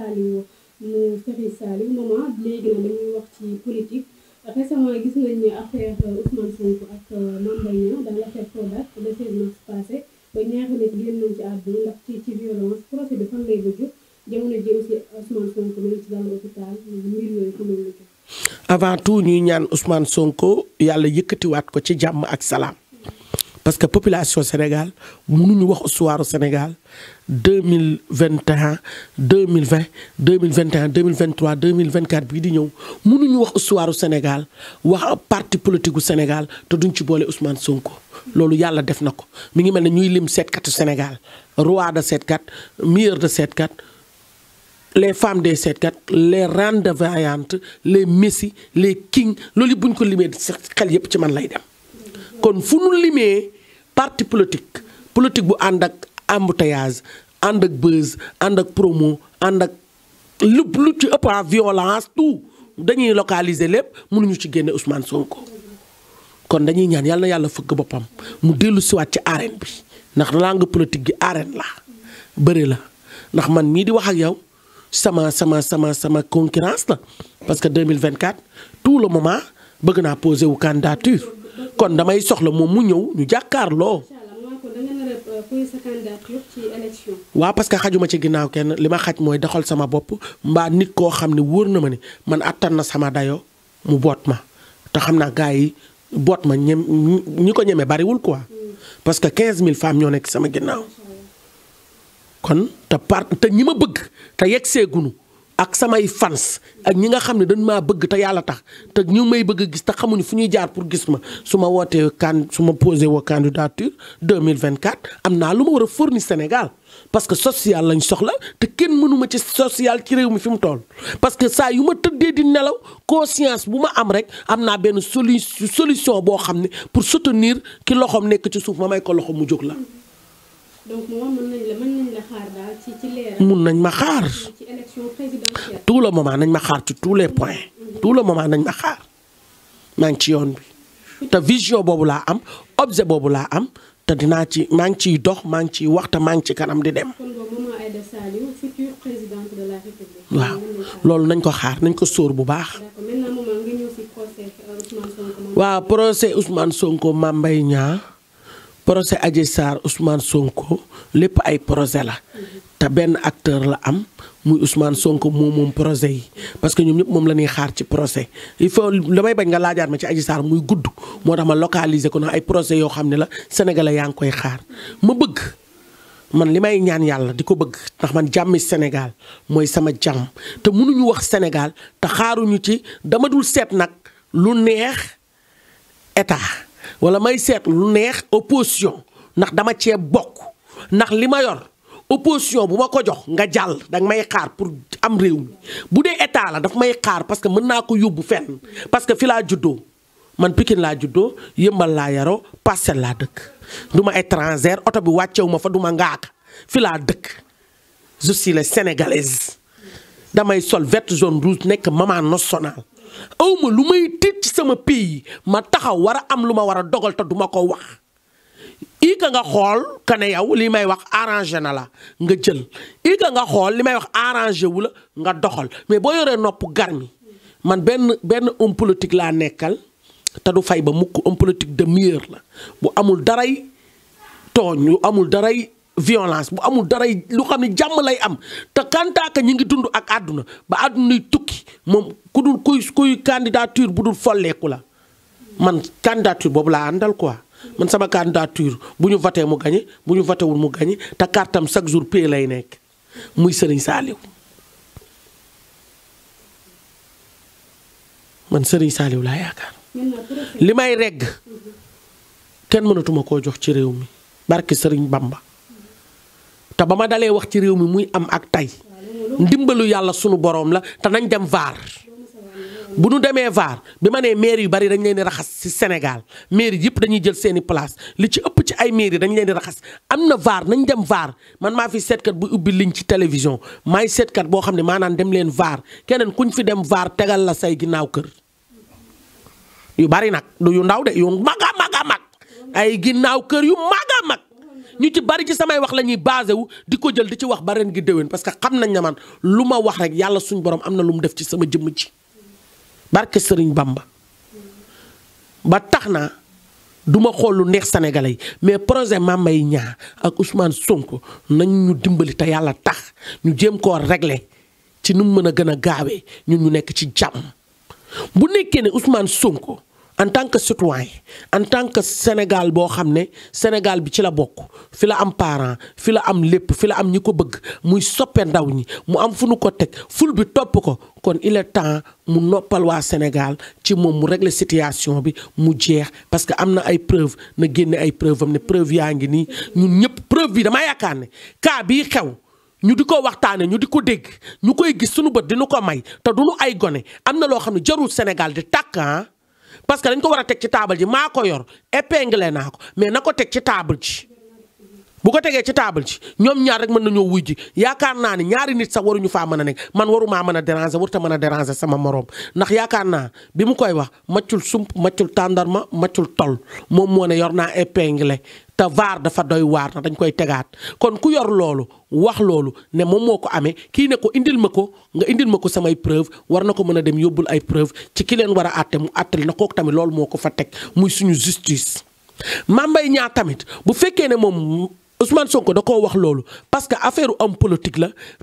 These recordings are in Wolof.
Saliou mu Serigne Saliou maman léegi nag dañuy wax ci politique récemment gis nañ ne affaire euh, Ousmane Sonko ak euh, Mame Mbaye Niang dans l'affaire Prodac le 16 mars passé ba ci àdduna ndax ci ci violence hôpital mbir yooyu fi mu avant tout ñuy ñaan Ousmane Sonko yàlla yëkkatiwaat ko ci jàmm ak salaam. parce que population Sénégal mënuñu wax histoire Sénégal deux mille vingt et un deux mille vingt deux mille vingt et un deux mille vingt trois deux mille vingt quatre bii di ñëw mënuñu wax histoire Sénégal wax parti politique gu Sénégal te duñ ci boole Ousmane Sonko. loolu yàlla def na ko mi ngi mel ne ñuy lim seetkatu Sénégal roi de seetkat meilleur de seetkat les femmes des seetkat les reines de vaillantes les messi les kings loolu buñ ko limee xel yëpp ci man lay dem. kon fu nu limee parti politique politique bu ànd ak embouteillage ànd ak buzz ànd ak promo ànd ak lu lu ci ëpp ah violence tout dañuy localiser lépp mënuñu ci génne Ousmane Sonko kon dañuy ñaan yàlla yàlla fëgg boppam mu dellu siwaat ci arène bi ndax langue politique gi arène la bëri la ndax man mii di wax ak yow sama sama sama sama concurrence la parce que 2024 tout le moment bëgg naa poser wu candidature kon damay soxla moom mu ñëw ñu jàkkaarloo. Euh, waa parce que xajuma ci ginnaaw kenn li ma xaj mooy doxal sama bopp mbaa nit koo xam ne wóor na ma ne man attan na sama dayo mu boot ma te xam naa gars yi boot ma ñem ñi ko ñeme bariwul quoi hmm. parce que mille femmes ñoo nekk sama ginnaaw kon te par te ñi ma bëgg te yegg seegunu ak samay fans ak ñi nga xam ne dañ maa bëgg te yàlla tax te ñu may bëgg gis te xamuñu fu ñuy jaar pour gis ma su ma wootee kan su ma posé woo candidature 2024 am naa lu ma war a forni Sénégal parce que social lañ soxla te kenn mënuma ci social ci réew mi fi mu toll. parce que saa yu ma tëddee di nelaw conscience bu ma am rek am naa benn solu solution boo xam ne pour soutenir ki loxoom nekk ci suuf ma may ko loxo mu jóg la. mën nañ la mën mun nañ ma xaar. tout le moment nañ ma xaar ci tous les points. tout le moment nañ ma xaar maa ngi ci yoon bi te vision boobu laa am objet boobu laa am te dinaa ci maa ngi ciy dox maa ngi ciy wax te maa ngi ci kanam di dem. waaw loolu nañ ko xaar nañ ko sóor bu baax. waaw procès Ousmane Sonko Mame mbay Niang Proses Adji sar Ousmane Sonko lépp ay projet la te aktor acteur la am muy Ousmane Sonko moom moom projet yi parce que ñoom ñëpp moom la xaar ci procès il faut damay bañ nga laajaat ma ci Adji Sarr muy gudd moo ma localiser ko na ay procès yo xam la sénégalais koy xaar ma man lima ñaan yalla di Senegal, bëgg man jàmmi Sénégal mooy sama jam. te mënuñu wax Sénégal te xaaruñu ci dama dul seet nak lu neex wala may seet lu neex opposition ndax dama ceeb bokk ndax li ma yor opposition bu ma ko jox nga jàll danga may xaar pour am réew bu dee état la daf may xaar parce que mën naa ko yóbbu fenn parce que fi laa juddoo man Pikine laa juddoo yëmbal laa yaroo Parcelles laa dëkk du ma étranger oto bi wàccewu ma fa du ma ngaaka fi laa dëkk je suis la sénégalaise damay sol zone jaune rouge nekk maman nationale awma lu may tiit ci sama pays ma taxaw war a am lu ma war a dogal te duma ko wax i ka nga xool ka ne yow li may wax arrangé na la nga jël i ka nga xool li may wax arrangé wu la nga doxal mais boo yoree nopp garmi man benn benn homme politique laa nekkal te du fay ba mukk homme politique de meilleur la bu amul daray tooñ lu amul daray violance bu amul dara lu xam ne jàmm lay am te kantaaka ñi ngi dund ak àdduna ba àdduna yi tukki moom ku dul kuy kuy bu dul folleeku la man candidature boobu laa àndal quoi man sama candidature bu ñu voté mu gañe bu ñu voté wul mu gañe te kartam chaque jour pay lay nekk muy sëriñ saaliw man sëriñ saaliw laa yaakaar li may regg kenn mënatuma koo jox ci réew mi barke sëriñ Bamba te ba ma dalee wax ci réew mi muy am ak tey ndimbalu yàlla sunu boroom la te nañ dem vaar bu nu demee vaar bi ma nee maire yu bari dañ leen di raxas ci Sénégal maire yëpp dañuy jël seeni place li ci ëpp ci ay maire dañ leen di raxas am na vaar nañ dem vaar man maa fi seetkat bu ubbi liñ ci télévision maay seetkat boo xam ne maanaam dem leen vaar keneen kuñ fi dem vaar tegal la say ginnaaw kër yu bari nag yu ndaw de yu mag a mag ay ginnaaw ñu ci bari ci samay wax la ñuy basé di ko jël di ci wax ba ren gi déwén parce que xam nañ ne man lu ma wax rek yàlla suñ borom am na lu mu def ci sama jëmm ji barke Sëriñ Bamba ba tax na duma ma xool lu neex sénégalais yi mais projet Mame Mbaye Niang ak Ousmane Sonko nañ ñu dimbali te yàlla tax ñu jéem koo regle ci nu mu mën a gën a gaawee ñu ñu nekk ci jàmm bu nekkee ne Ousmane Sonko. en tant que citoyen en tant que Sénégal boo xam ne Sénégal bi ci la bokk fi la am parent fi la am lépp fi la am ñi ko bëgg muy soppe ndaw ñi mu am fu nu ko teg ful bi topp ko kon il est temps mu noppal waa Sénégal ci moom mu régler situation bi mu jeex parce que am na ay preuve na génne ay preuve am ne preuve yaa ngi nii ñun ñëpp preuve bi dama yaakaar ne cas bii xew ñu di ko waxtaane ñu di ko dégg ñu koy gis suñu bët di nu ko may te duñu ay gone am na loo xam ne jarul Sénégal di ah. parce que dañ ko war a teg ci taabal ji maa ko yor épinglé naa ko mais na ko teg ci taabal ji bu ko tegee ci table ci ñoom ñaar rek mën nañoo wuy ji yaakaar naa ni ñaari nit sax waruñu faa mën a nekk man warumaa mën a déranger warut a mën a déranger sama moroom ndax yaakaar naa bi mu koy wax maccul sump maccul tàndarma maccul tol moom moo ne yor naa épingle te vaar dafa doy waar na dañ koy tegaat kon ku yor loolu wax loolu ne moom moo ko amee kii ne ko indil ma ko nga indil ma ko samay preuve war na ko mën a dem yóbbul ay preuve ci ki leen war a àtte mu àttal na kooku tamit loolu moo ko fa teg muy suñu justice. Mame Mbaye Niang tamit bu fekkee ne moom Ousmane Sonko da koo wax loolu parce que affaire homme la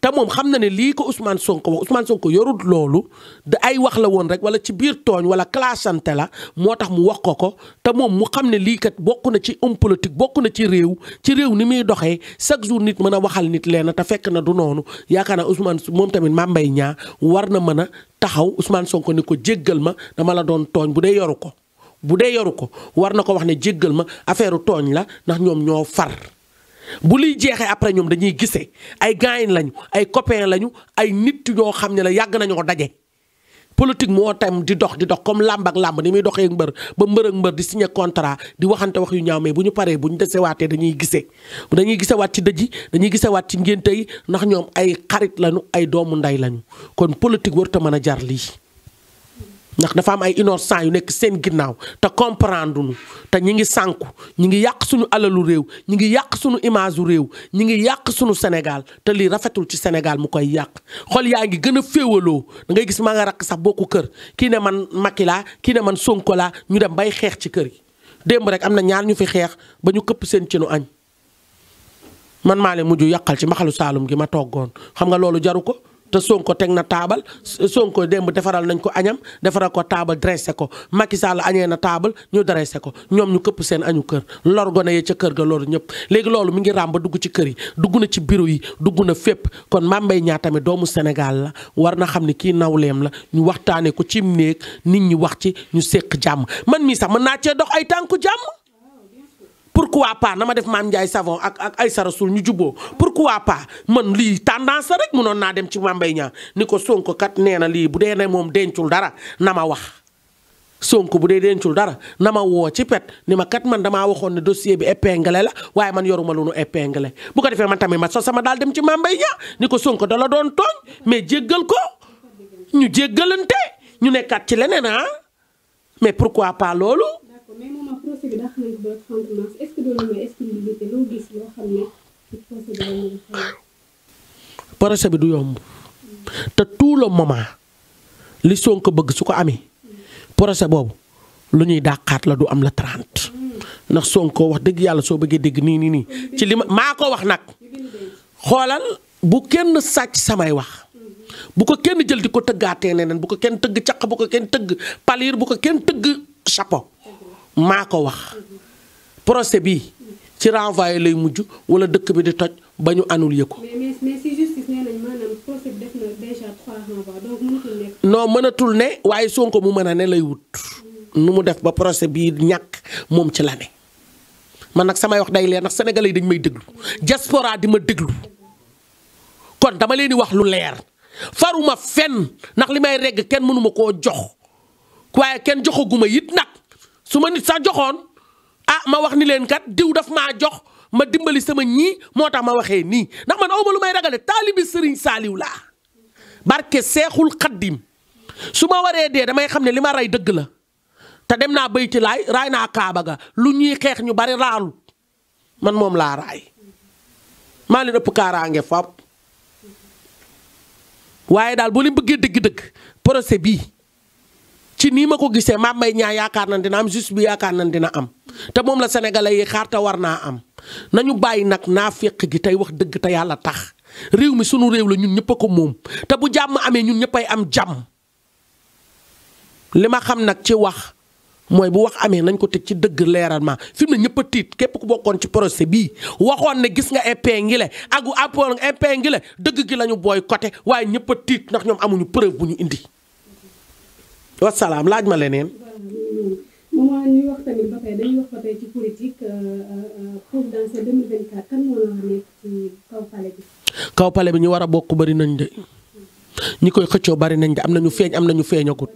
te moom xam na ne lii ko Ousmane Sonko wax Ousmane Sonko yorut loolu da ay wax la woon rek wala ci biir tooñ wala clashante la moo tax mu wax ko ko te moom mu xam ne lii kat bokk na ci homme bokk na ci réew ci réew ni muy doxee chaque jour nit mën a waxal nit leen te fekk na du noonu yaakaar naa Ousmane moom tamit Mame Mbaye war na mën a taxaw Ousmane Sonko ni ko jéggal ma dama la doon tooñ bu dee yoru ko bu dee yoru ko war na ko wax ne jéggal ma affaire tooñ la ndax ñoom ñoo far. bu liy jeexee après ñoom dañuy gisee ay gaañ lañu ay copain lañu ay nit ñoo xam ne la yàgg nañoo daje. politique moo tam di dox di dox comme làmb ak làmb ni muy doxee mbër ba mbër ak mbër di signé contrat di waxante wax yu ñaaw mais bu ñu paree bu ñu desewaatee dañuy gise dañuy gisewaat ci dëj yi dañuy gisewaat ci ngénte yi ndax ñoom ay xarit lañu ay doomu nday lañu kon politique warut a mën a jar lii. ndax dafa am ay innocent yu nekk seen ginnaaw te comprendre nu te ñi ngi sànku ñi ngi yàq suñu alalu réew ñi ngi yàq suñu image réew ñi ngi yàq suñu senegal te lii rafetul ci Sénégal mu koy yàq xol yaa ngi gën a féewaloo da ngay gis maa nga rakk sax bokku kër kii ne man Macky laa kii ne man Sonko laa ñu dem bay xeex ci kër yi démb rek am na ñaar ñu fi xeex ba ñu këpp seen cinu añ man maa leen mujj yàqal ci mbaxalu Saalum gi ma toggoon xam nga loolu jaru ko te Sonko teg na taabal Sonko démb defaral nañ ko añam defaral ko taabal dressé ko Macky Sall añee na taabal ñu dressé ko ñoom ñu këpp seen añu kër lor gone yee ca kër ga loolu ñëpp léegi loolu mu ngi ràmba dugg ci kër yi dugg na ci biru yi dugg na fépp kon Mame Mbaye Niang tamit doomu Sénégal la war na xam ne kii nawleem la ñu waxtaanee ko ci néeg nit ñi wax ci ñu séq jàmm man mii sax mën naa cee dox ay tànku jàmm pourquoi pas nama def mam ndjay savon ak ak aïssa rasoul ñu jubboo pourquoi pas man li tendance rek mënon na dem ci mambay ñaa ni sonko kat neena li lii bu dee ne dara nama wax sonko bu dee dencul dara nama wo ci pet ni ma kat man dama waxoon ne dossier bi épinglé la waye man yoruma lu nu épinglé bu ko defee man tamé ma so sama dal dem ci mambay ñaa ko sonko la doon togn mais djéggal ko ñu jéggalante ñu nekkat ci ah. mais pourquoi pas lolu procès bi dàq nañ ko ba 30 mars est ce que doon may exclusivité loo gis loo xam ne ci procès bi lañ procès bi du yomb te tout le moment li sonko bëgg su ko amee procès boobu lu ñuy dàqaat la du am la 30 sonko wax ci ma wax bu kenn samay wax bu ko kenn jël di ko tëggaatee neneen bu ko kenn tëgg caq bu ko kenn tëgg palir bu ko kenn chapeau maa ko wax procès bi ci renvoyé lay mujj wala dëkk bi di toj ba ñu anul yëg ko. mais mais si mënatul ne waaye Sonko mu mën a ne lay wut. nu mu def ba procès bi ñàkk moom ci la ne man nag samay wax day leer ndax sénégalais yi dañ may déglu diaspora di ma déglu kon dama leen di wax lu leer faruma fenn ndax li may regg kenn mënuma koo jox waaye kenn joxaguma yit nag. suma nit sa joxone ah ma wax ni len kat diw daf ma jox ma dimbali sama ñi motax ma waxe ni ndax man awma lu may ragale talibi Serigne saliw la barke cheikhul qadim suma waré dé damay xamné lima ray deug la ta dem naa bayti laay raay kaaba ga lu ñi xex ñu bari raalu man mom la ray ma leen upp kaaraange fab waye dal leen bëggé deug deug procès bi ci nii ma ko gisee Mame Mbaye Niang yaakaar nan dina am juste bi yaakaar nan dina am te moom la sénégalais yi xaar te war naa am nañu bàyyi nag naa féq gi tey wax dëgg te yàlla tax réew mi sunu réew la ñun ñëpp ko moom te bu jàmm amee ñun ñëppay am jàmm li ma xam nag ci wax mooy bu wax amee nañ ko teg ci dëgg leeral fi mu ñëpp a tiit képp ku bokkoon ci procès bii waxoon ne gis nga épinglé ak gu appoon épinglé dëgg gi lañu ñu boycotté waaye ñëpp a tiit ndax ñoom amuñu preuve bu ñu indi. wasalaam laaj ma leneen. moment euh, euh, euh, kaw pale bi. kaw ñu war a bokk bari nañ de ñi koy xëccoo bari nañ de am na ñu feeñ am na ñu feeñagut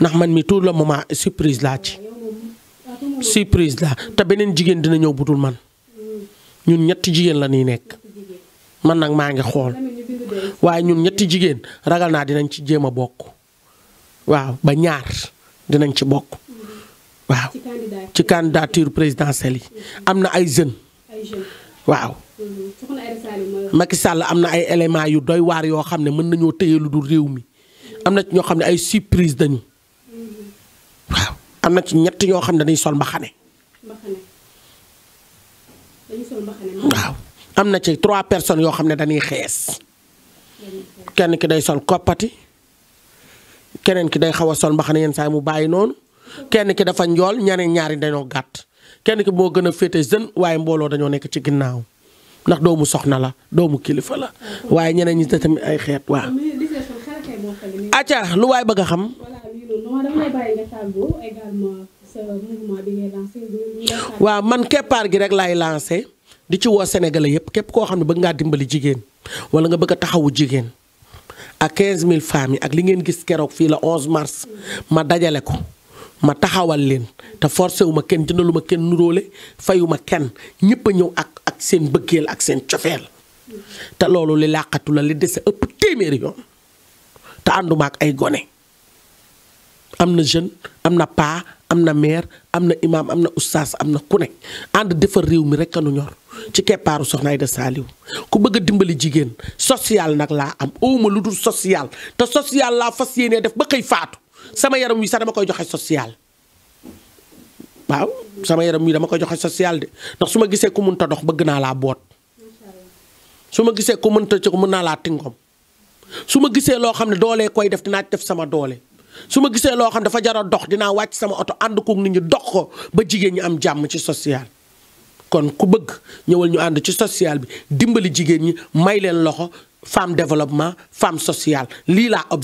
ndax man mi tout le moment surprise laa ci surprise laa te beneen jigéen dina ñëw budul man ñun ñetti jigéen la ñuy nekk man nag maa ngi xool waaye ñun ñetti jigéen ragal naa dinañ ci jéem a bokk. waaw ba ñaar dinañ ci bokk waaw ci candidature présidentielle yi mm-hmm. am na ay jeunes waaw mm-hmm. Macky sàll am na ay éléments yu doy waar yoo xam ne mën nañoo téye lu dul réew mi am na ci ñoo xam ne ay surprise dañu mm-hmm. waaw am na ci ñett yoo xam ne dañuy sol mbaxane waaw am na ci trois personnes yoo xam ne dañuy xees kenn ki day sol koppati keneen ki day xaw a sol mbaxana yenn saa mu bàyyi noonu kenn ki dafa njool ñeneen ñaari dañoo gàtt kenn ki moo gën a féete jeune waaye mbooloo dañoo nekk ci ginnaaw ndax doomu soxna la doomu kilifa la waaye ñeneen ñi tamit ay xeet waa acca lu waay bëgg a xam. waaw man keppaar gi rek laay lancé di ci woo Sénégalais yépp képp koo xam ne bëgg ngaa dimbali jigéen wala nga bëgg a taxawu jigéen. ak mille femmes yi ak li ngeen gis keroog fii la 11 mars ma dajale ko ma taxawal leen te forcé wu ma kenn jëndalu ma kenn nuróole fayu kenn ñëpp a ñëw ak ak seen bëggeel ak seen cofeel te loolu li làqatu la li dese ëpp téeméeri yoon te àndumaak ay gone. am na jeune am na paa am na maire am na imaam am na ustaas am na ku ne ànd defar réew mi rek a nu ñor ci keppaaru Soxna Aïda Saliou ku bëgg a dimbali jigéen social nag laa am awma lu dul social te social laa fas yéenee def ba xëy faatu sama yaram wi sax dama koy joxe social. waaw sama yaram wi dama koy joxe social de ndax su ma gisee ku mënta dox bëgg naa laa boot su ma gisee ku mënta ci mën naa laa tingom su ma gisee loo xam ne doolee koy def dinaa def sama doole. su ma gisee loo xam dafa jar a dox dinaa wàcc sama oto ànd kook nit ñi dox ko ba jigéen ñi am jàmm ci social. kon ku bëgg ñëwal ñu ànd ci sociale bi dimbali jigéen ñi may leen loxo femme développement femme sociale lii laa